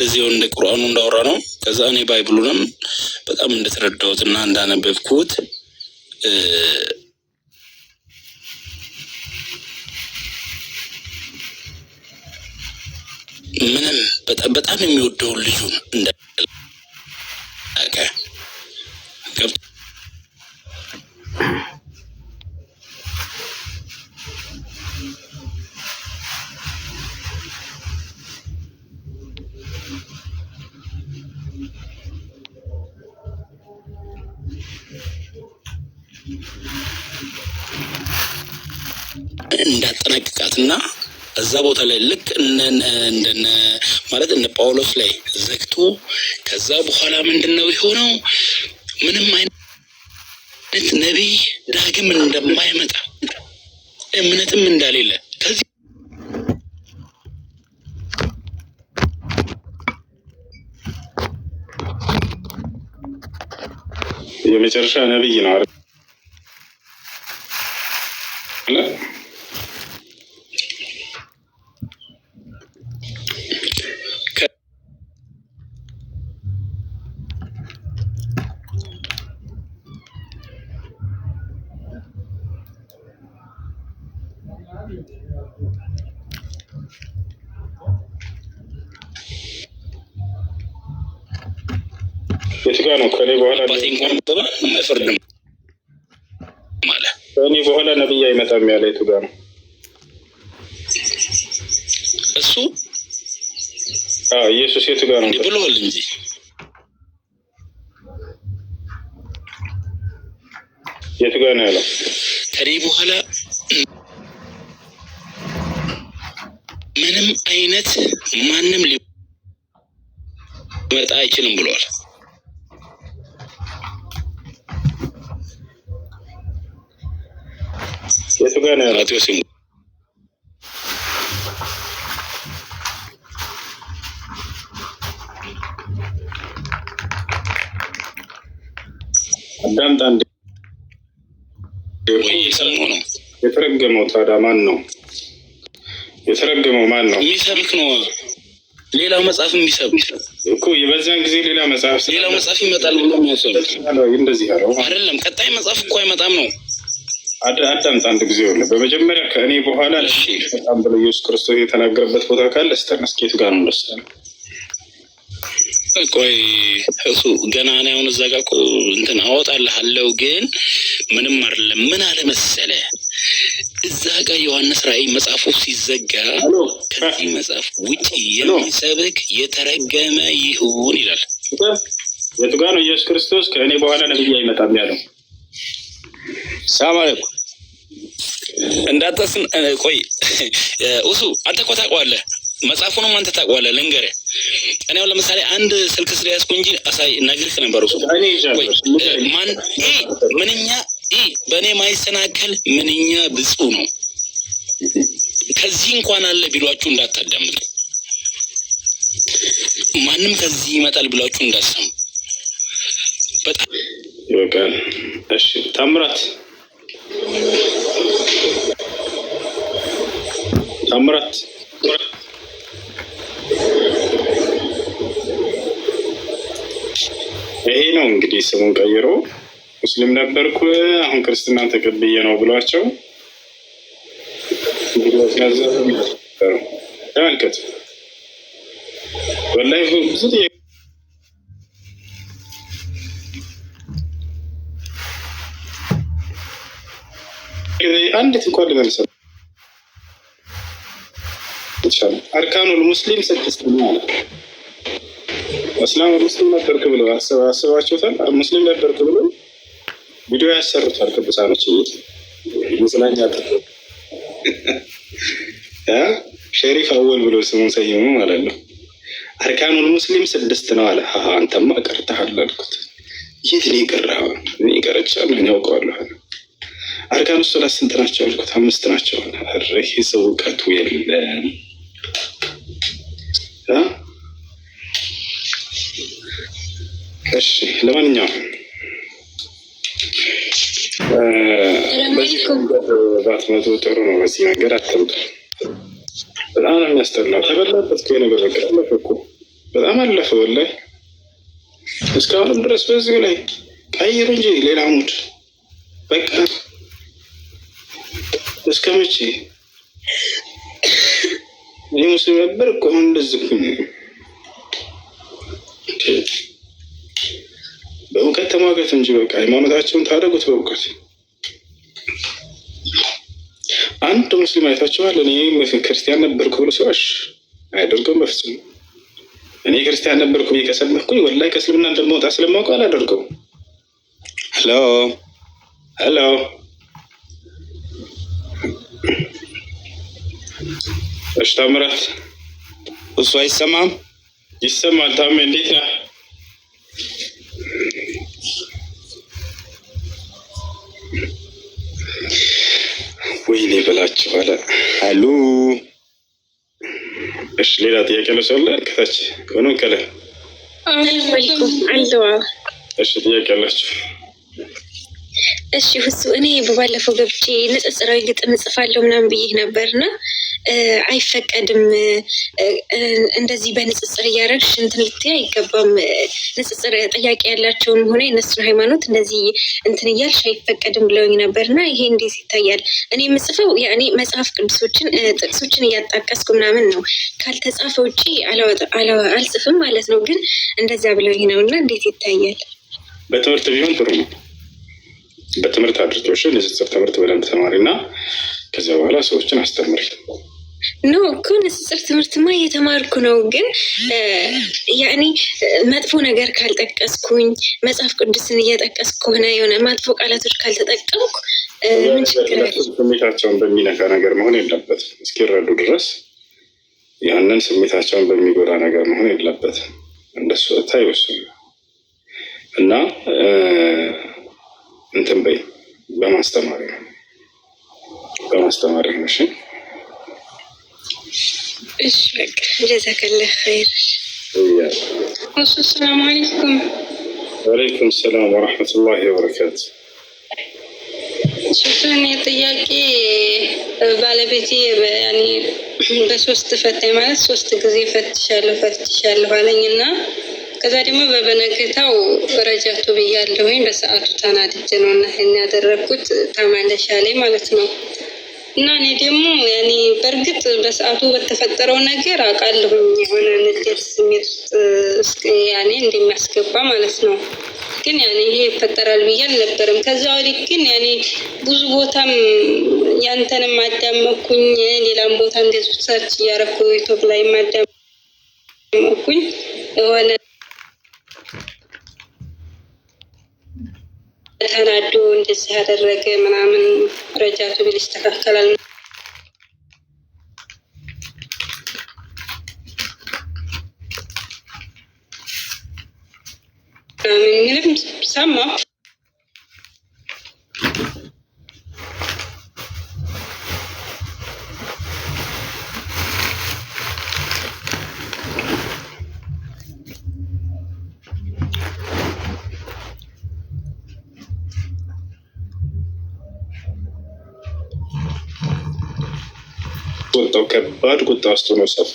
እንደዚህ እንደ ቁርአኑ እንዳወራ ነው። ከዛ እኔ ባይብሉንም በጣም እንደተረዳሁት እና እንዳነበብኩት ምንም በጣም የሚወደውን ልጁን እንዳቀ እንዳጠነቅቃትና እዛ ቦታ ላይ ልክ እንደነ ማለት እነ ጳውሎስ ላይ ዘግቶ ከዛ በኋላ ምንድን ነው የሆነው? ምንም አይነት ነቢይ ዳግም እንደማይመጣ እምነትም እንዳሌለ ከዚህ የመጨረሻ ነቢይ ነው። የት ጋር ነው? ከኔ በኋላ ከኔ በኋላ ነብይ አይመጣም ያለ የቱ ጋር ነው እሱ? ኢየሱስ የቱ ጋር ነው ብሎል እንጂ የቱ ጋር ነው ያለው? ከኔ በኋላ ምንም አይነት ማንም ሊመጣ አይችልም ብሏል። የቱ ጋር ነው ያለው? አዳምጣ እንደ የተረገመው ታዲያ ማን ነው የተረገመው? ማን ነው የሚሰብክ ነው? ሌላው መጽሐፍ የሚሰብክ እኮ የበዛን ጊዜ ሌላ መጽሐፍ ሌላ መጽሐፍ ይመጣል ብሎ የሚያሰብ አይደለም። ቀጣይ መጽሐፍ እኮ አይመጣም ነው አዳምጥ አንድ ጊዜ ሆነ። በመጀመሪያ ከእኔ በኋላ በጣም ብሎ ኢየሱስ ክርስቶስ የተናገረበት ቦታ ካለ ስጠን። እስኪ ጋር ነው እንደሰነ? ቆይ እሱ ገና እኔ አሁን እዛ ጋር እንትን አወጣልሃለሁ፣ ግን ምንም አይደለም። ምን አለ መሰለ እዛ ጋር ዮሐንስ ራእይ መጽሐፉ ሲዘጋ ከዚህ መጽሐፍ ውጭ የሚሰብክ የተረገመ ይሁን ይላል። የቱ ጋር ነው ኢየሱስ ክርስቶስ ከእኔ በኋላ ነብይ አይመጣም ያለው? ሰላም አለይኩም። እንዳጠፍን ቆይ እሱ አንተ እኮ ታውቀዋለህ፣ መጽሐፉንም አንተ ታውቀዋለህ። ልንገርህ እኔ አሁን ለምሳሌ አንድ ስልክ ስር ስለያዝኩ እንጂ አሳይ ነግርህ ነበር። እሱ ማን ምንኛ በእኔ ማይሰናከል ምንኛ ብፁ ነው። ከዚህ እንኳን አለ ቢሏችሁ እንዳታዳምጡ፣ ማንም ከዚህ ይመጣል ብሏችሁ እንዳሰሙ በጣም ይበቃል። እሺ ታምራት ታምራት ይሄ ነው እንግዲህ ስሙን ቀይሮ ሙስሊም ነበርኩ አሁን ክርስትና ተቀብዬ ነው ብሏቸው ተመልከቱ። ወላሂ ብዙ አንዲት እንኳን ልመልሰል ይቻላል። አርካኑል ሙስሊም ስድስት ማለት እስላም ሙስሊም ነበርክ ብሎ አስባቸውታል። ሙስሊም ነበርክ ብሎ ቪዲዮ ያሰሩታል። ቅዱሳኖች መጽናኛ ሸሪፍ አወል ብሎ ስሙን ሰይሙ ማለት ነው። አርካኑል ሙስሊም ስድስት ነው አለ። አንተማ ቀርተሃል አልኩት። የት ነው የቀረኸው? እኔ ቀርቻለሁ፣ አርካኑ ሶላት ስንት ናቸው አልኩት፣ አምስት ናቸው። ይህ ሰው እውቀቱ የለ እሺ ለማንኛውም በዚህ መቶ ጥሩ ነው። በዚህ መንገድ አትምጡ። በጣም ነው የሚያስጠላው። ተበላበት ከሆነ በበቅ አለፈ እኮ በጣም አለፈ። ወላይ እስካሁንም ድረስ በዚሁ ላይ ቀይሩ እንጂ ሌላ ሙድ በቃ እስከ መቼ እኔ ሙስሊም ነበር እኮ አሁን እንደዚህ በእውቀት ተሟገት እንጂ በቃ ሃይማኖታቸውን ታደጉት በእውቀት አንድ ሙስሊም አይታችኋል? እኔ ክርስቲያን ነበርኩ ብሎ ሰዎች አያደርገውም በፍጹም። እኔ ክርስቲያን ነበርኩ ብዬ ከሰመኩኝ ወላሂ ከእስልምና እንደመውጣ ስለማውቀው አላደርገውም። ሄሎ ሄሎ እሽ ተምረት፣ እሱ አይሰማም? ይሰማል። ታሜ እንዴት ነህ? ወይኔ ብላችሁ አለ አሉ። እሽ ሌላ ጥያቄ ነው ሰለ ከታች ሆኖ ከለ እሺ ጥያቄ አላችሁ? እሺ ሁሱ እኔ በባለፈው ገብቼ ንጽጽራዊ ግጥም እጽፋለሁ ምናምን ብዬ ነበርና አይፈቀድም። እንደዚህ በንጽጽር እያደረግሽ እንትን ልትይ አይገባም። ንጽጽር ጥያቄ ያላቸውን ሆነ የነሱን ሃይማኖት እንደዚህ እንትን እያልሽ አይፈቀድም ብለውኝ ነበር እና ይሄ እንዴት ይታያል? እኔ የምጽፈው ያኔ መጽሐፍ ቅዱሶችን ጥቅሶችን እያጣቀስኩ ምናምን ነው። ካልተጻፈ ውጭ አልጽፍም ማለት ነው። ግን እንደዛ ብለውኝ ነው እና እንዴት ይታያል? በትምህርት ቢሆን ጥሩ ነው። በትምህርት አድርቶሽን የስጽር ትምህርት በደንብ ተማሪና ከዚያ በኋላ ሰዎችን አስተምር ኖ እኮ ንጽጽር ትምህርትማ እየተማርኩ ነው። ግን ያኒ መጥፎ ነገር ካልጠቀስኩኝ መጽሐፍ ቅዱስን እየጠቀስኩ ከሆነ የሆነ መጥፎ ቃላቶች ካልተጠቀምኩ ምን ችግር አለ? ስሜታቸውን በሚነካ ነገር መሆን የለበትም። እስኪረዱ ድረስ ያንን ስሜታቸውን በሚጎዳ ነገር መሆን የለበትም። እንደሱ እታ ይወስኑ እና እንትን በይ በማስተማሪ ነው በማስተማሪ ነው እሺ በቃ ጀዛከላህ ኸይር። እሱ ሰላም አለይኩም። ወአለይኩም ሰላም ወረሕመቱላሂ ወበረካቱ። እኔ ጥያቄ ባለቤቴ በሶስት ፈታኝ ማለት ሶስት ጊዜ ፈትሻለሁ ፈትሻለሁ አለኝ እና ከዛ ደግሞ በበነገታው ረጃቱ ብያለሁኝ። በሰዓቱ ተናድጄ ነው እና ያደረግኩት። ታማለሻ ላይ ማለት ነው እና እኔ ደግሞ ያኔ በእርግጥ በሰዓቱ በተፈጠረው ነገር አውቃለሁ የሆነ ንዴት ስሜት ውስጥ ያኔ እንደሚያስገባ ማለት ነው። ግን ያኔ ይሄ ይፈጠራል ብዬ አልነበረም። ከዛ ወዲህ ግን ያኔ ብዙ ቦታም ያንተንም አዳመኩኝ፣ ሌላም ቦታ እንደዚ ሰርች እያረኩ ዩቱብ ላይ ማዳመኩኝ የሆነ ተናዶ እንደዚህ ያደረገ ምናምን ረጃቱ ቢል ይስተካከላል። ምንም ሰማ አስወጣው። ከባድ ቁጣ ውስጥ ሆኖ ሰው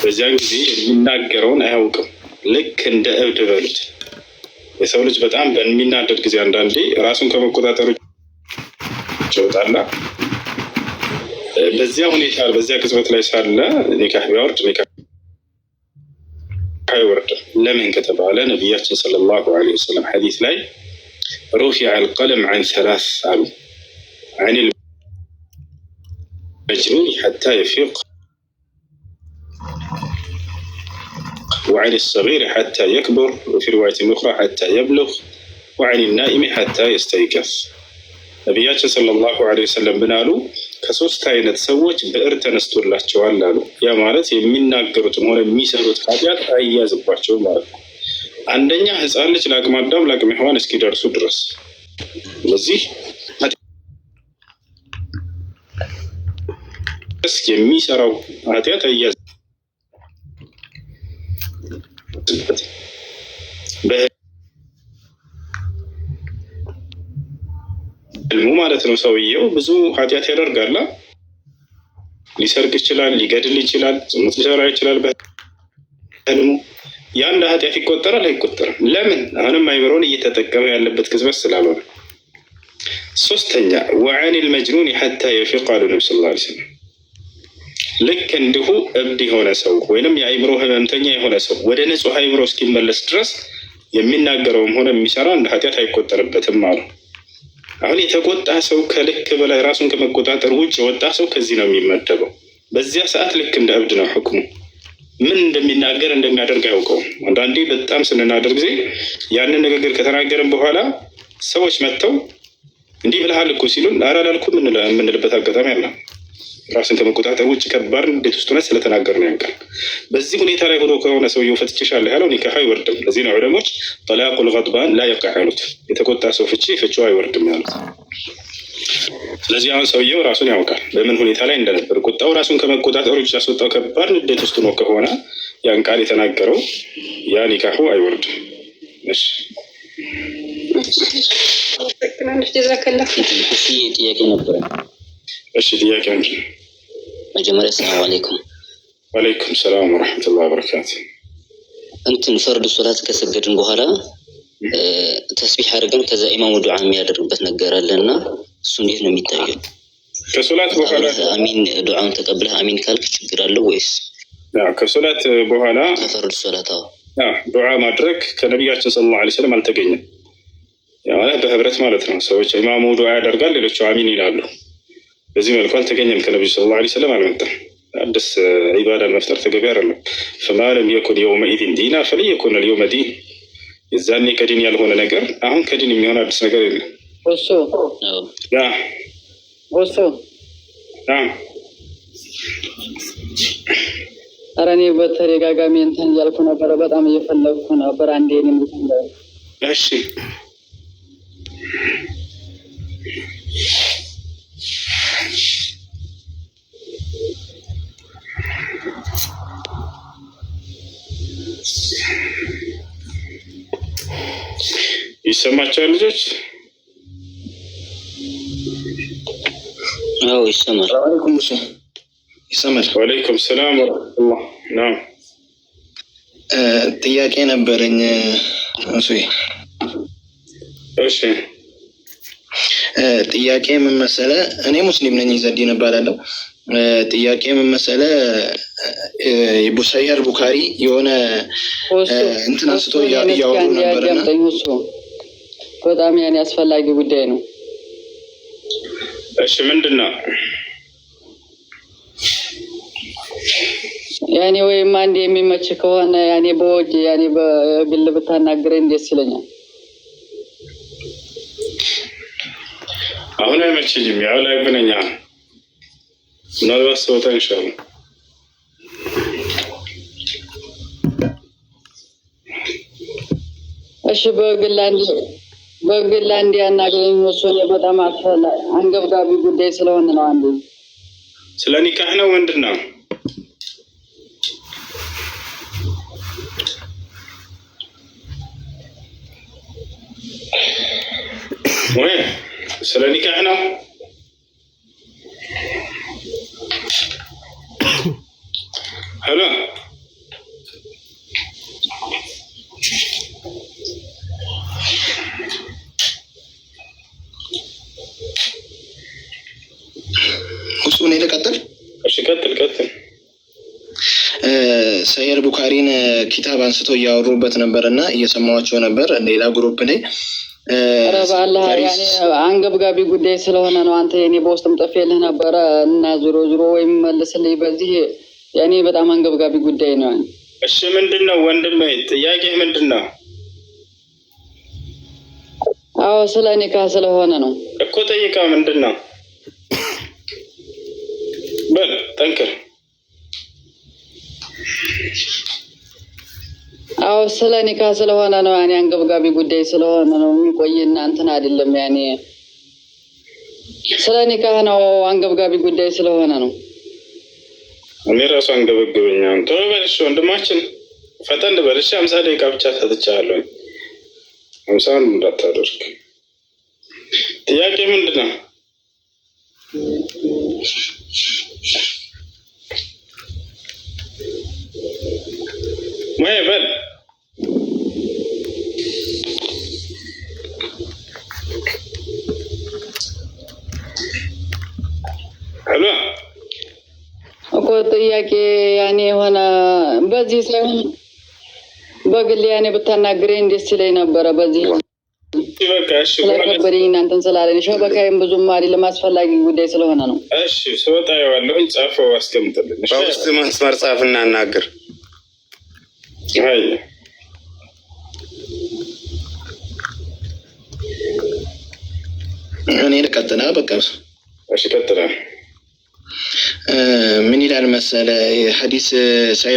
በዚያን ጊዜ የሚናገረውን አያውቅም። ልክ እንደ እብድ በሉት። የሰው ልጅ በጣም በሚናደድ ጊዜ አንዳንዴ ራሱን ከመቆጣጠሩ ይወጣና በዚያ ሁኔታ በዚያ ቅጽበት ላይ ሳለ ኒካህ ቢያወርድ ኒካህ አይወርድም። ለምን ከተባለ ነቢያችን ሰለላሁ ዐለይሂ ወሰለም ሐዲስ ላይ ሩፊዐል ቀለም ዐን ሰላስ አሉ አን ልመጅኑን ሓታ የፊቅ ወአን ሰጊር ሓታ የክበር ወፊ ሪዋየት ኡኽራ ሓታ የብሉግ ወአን ናኢሚ ሓታ የስተይቀፍ። ነቢያችን ሰለላሁ ዐለይሂ ወሰለም ምን አሉ? ከሶስት አይነት ሰዎች ብዕር ተነስቶላቸዋል አሉ። ያ ማለት የሚናገሩትም ሆነ የሚሰሩት ኃጢአት አያዝባቸውም ማለት ነው። አንደኛ ህፃን ልጅ ለአቅመ አዳም ለአቅመ ሔዋን እስኪደርሱ ድረስ ስለዚህ ስ የሚሰራው ኃጢአት እያዝበት በህልሙ ማለት ነው። ሰውየው ብዙ ኃጢአት ያደርጋላ። ሊሰርቅ ይችላል፣ ሊገድል ይችላል፣ ዝሙት ሊሰራ ይችላል። በህልሙ የአንድ ኃጢአት ይቆጠራል አይቆጠርም? ለምን አሁንም አይምሮን እየተጠቀመ ያለበት ክዝበት ስላልሆነ። ሶስተኛ ወአኒል መጅኑን ሐታ የፊቅ አሉ ነቢ ስለ ላ ልክ እንዲሁ እብድ የሆነ ሰው ወይንም የአይምሮ ህመምተኛ የሆነ ሰው ወደ ንጹህ አይምሮ እስኪመለስ ድረስ የሚናገረውም ሆነ የሚሰራ እንደ ኃጢአት አይቆጠርበትም አሉ። አሁን የተቆጣ ሰው ከልክ በላይ ራሱን ከመቆጣጠር ውጭ የወጣ ሰው ከዚህ ነው የሚመደበው። በዚያ ሰዓት ልክ እንደ እብድ ነው ህክሙ ምን እንደሚናገር እንደሚያደርግ አያውቀውም። አንዳንዴ በጣም ስንናደር ጊዜ ያንን ንግግር ከተናገርን በኋላ ሰዎች መጥተው እንዲህ ብለሃል እኮ ሲሉን ኧረ የምንልበት አጋጣሚ አለው። ራስን ከመቆጣጠር ውጭ ከባድ ቤት ውስጥ ሆነ ስለተናገር ነው ያንቃል። በዚህ ሁኔታ ላይ ሆኖ ከሆነ ሰውየው ፈትቼሻለሁ ያለው ኒካህ አይወርድም። ለዚህ ነው ዑለሞች ጠላቁ ልቀጥባን ላ የቃ የተቆጣ ሰው ፍቺ ፍቺው አይወርድም ያሉት። ስለዚህ አሁን ሰውየው ራሱን ያውቃል በምን ሁኔታ ላይ እንደነበር። ቁጣው ራሱን ከመቆጣጠር ውጭ ያስወጣው ከባድ ንዴት ውስጥ ነው ከሆነ ያን ቃል የተናገረው ያ ኒካሁ አይወርድም። እሺ ጥያቄ ነበረ። እሺ ጥያቄ መጀመሪያ ሰላም አለይኩም። ወአለይኩም ሰላም ወረሕመቱላሂ ወበረካቱ። እንትን ፈርድ ሶላት ከሰገድን በኋላ ተስቢሕ አድርገን ከዛ ኢማሙ ዱዓ የሚያደርግበት ነገር አለ እና እሱ እንዴት ነው የሚታየው? ከሶላት በኋላ አሚን ዱዓውን ተቀብለህ አሚን ካልክ ችግር አለው ወይስ? ከሶላት በኋላ ከፈርድ ሶላት ዱዓ ማድረግ ከነቢያችን ሰለላሁ ዐለይሂ ወሰለም አልተገኘም። ማለት በህብረት ማለት ነው። ሰዎች ኢማሙ ዱዓ ያደርጋል፣ ሌሎቹ አሚን ይላሉ። በዚህ መልኩ አልተገኘም። ከነቢዩ ሰለላሁ ዐለይሂ ወሰለም አልመጣም። አዲስ ዒባዳን መፍጠር ተገቢ አይደለም። ፈማለም የኩን የውመኢዝን ዲና ፈለየኩን ልየውመ ዲን። የዛኔ ከዲን ያልሆነ ነገር አሁን ከዲን የሚሆን አዲስ ነገር የለም። ኧረ እኔ በተደጋጋሚ እንትን እያልኩ ነበረ፣ በጣም እየፈለግኩ ነበር። አንዴ እሺ ይሰማቸዋል ልጆች? አዎ ይሰማል። ወአለይኩም ሰላም ወረሕመቱላ። ጥያቄ ነበረኝ። እሱ እሺ፣ ጥያቄ ምን መሰለ፣ እኔ ሙስሊም ነኝ፣ ዘዲን እባላለሁ። ጥያቄ ምን መሰለ፣ ቡሰይር ቡካሪ የሆነ እንትን አንስቶ እያወሩ ነበርና በጣም ያኔ አስፈላጊ ጉዳይ ነው። እሺ ምንድን ነው ያኔ ወይም አንድ የሚመች ከሆነ ያኔ በወጅ ያኔ በግል ብታናግረኝ እንዴት ይለኛል። አሁን አይመችኝም። ያው ላይ ብነኛ ምናልባት ሰውታ ይሻሉ እሺ በግል አንድ በግል እንዲ ያናገረኝ እሱን በጣም አፈላ አንገብጋቢ ጉዳይ ስለሆነ ነው። አንዱ ስለ ኒካህ ነው። ምንድን ነው ወይ ስለ ኒካህ ነው። እኔ ልቀጥል? እሺ ቀጥል ቀጥል። ሰየር ቡካሪን ኪታብ አንስቶ እያወሩበት ነበር እና እየሰማኋቸው ነበር ሌላ ግሩፕ ላይ አንገብጋቢ ጉዳይ ስለሆነ ነው። አንተ የኔ በውስጥም ጥፌልህ ነበረ እና ዞሮ ዞሮ ወይም መልስልኝ። በዚህ የኔ በጣም አንገብጋቢ ጉዳይ ነው። እሺ ምንድን ነው ወንድም? ጥያቄ ምንድን ነው? አዎ ስለ ኒካ ስለሆነ ነው እኮ ጠይቃ። ምንድን ነው በል ጠንክር። አዎ ስለ ኒካ ስለሆነ ነው ያኔ አንገብጋቢ ጉዳይ ስለሆነ ነው የሚቆይ እናንትን አይደለም። ያኔ ስለ ኒካህ ነው አንገብጋቢ ጉዳይ ስለሆነ ነው። እኔ ራሱ አንገበግበኛ ቶሎ በልሽ ወንድማችን፣ ፈጠን በልሽ። አምሳ ደቂቃ ብቻ ሰጥቻለሁ። አምሳን እንዳታደርግ። ጥያቄ ምንድን ነው? ወይ በል እኮ ጥያቄ ያኔ የሆነ በዚህ ሳይሆን በግል ያኔ ብታናግረኝ ደስ ይለኝ ነበረ በዚህ ስለከበደኝ እናንተን ስላለንሽ በካይም ብዙ ማሪ ለማስፈላጊ ጉዳይ ስለሆነ ነው። እሺ ስወጣ የዋለሁኝ ጻፈው አስቀምጥልን። በውስጥ መስመር ጻፍ እናናግር። እኔ ልቀጥላ። በቃ እሺ ቀጥላ። ምን ይላል መሰለ ሀዲስ ሳይ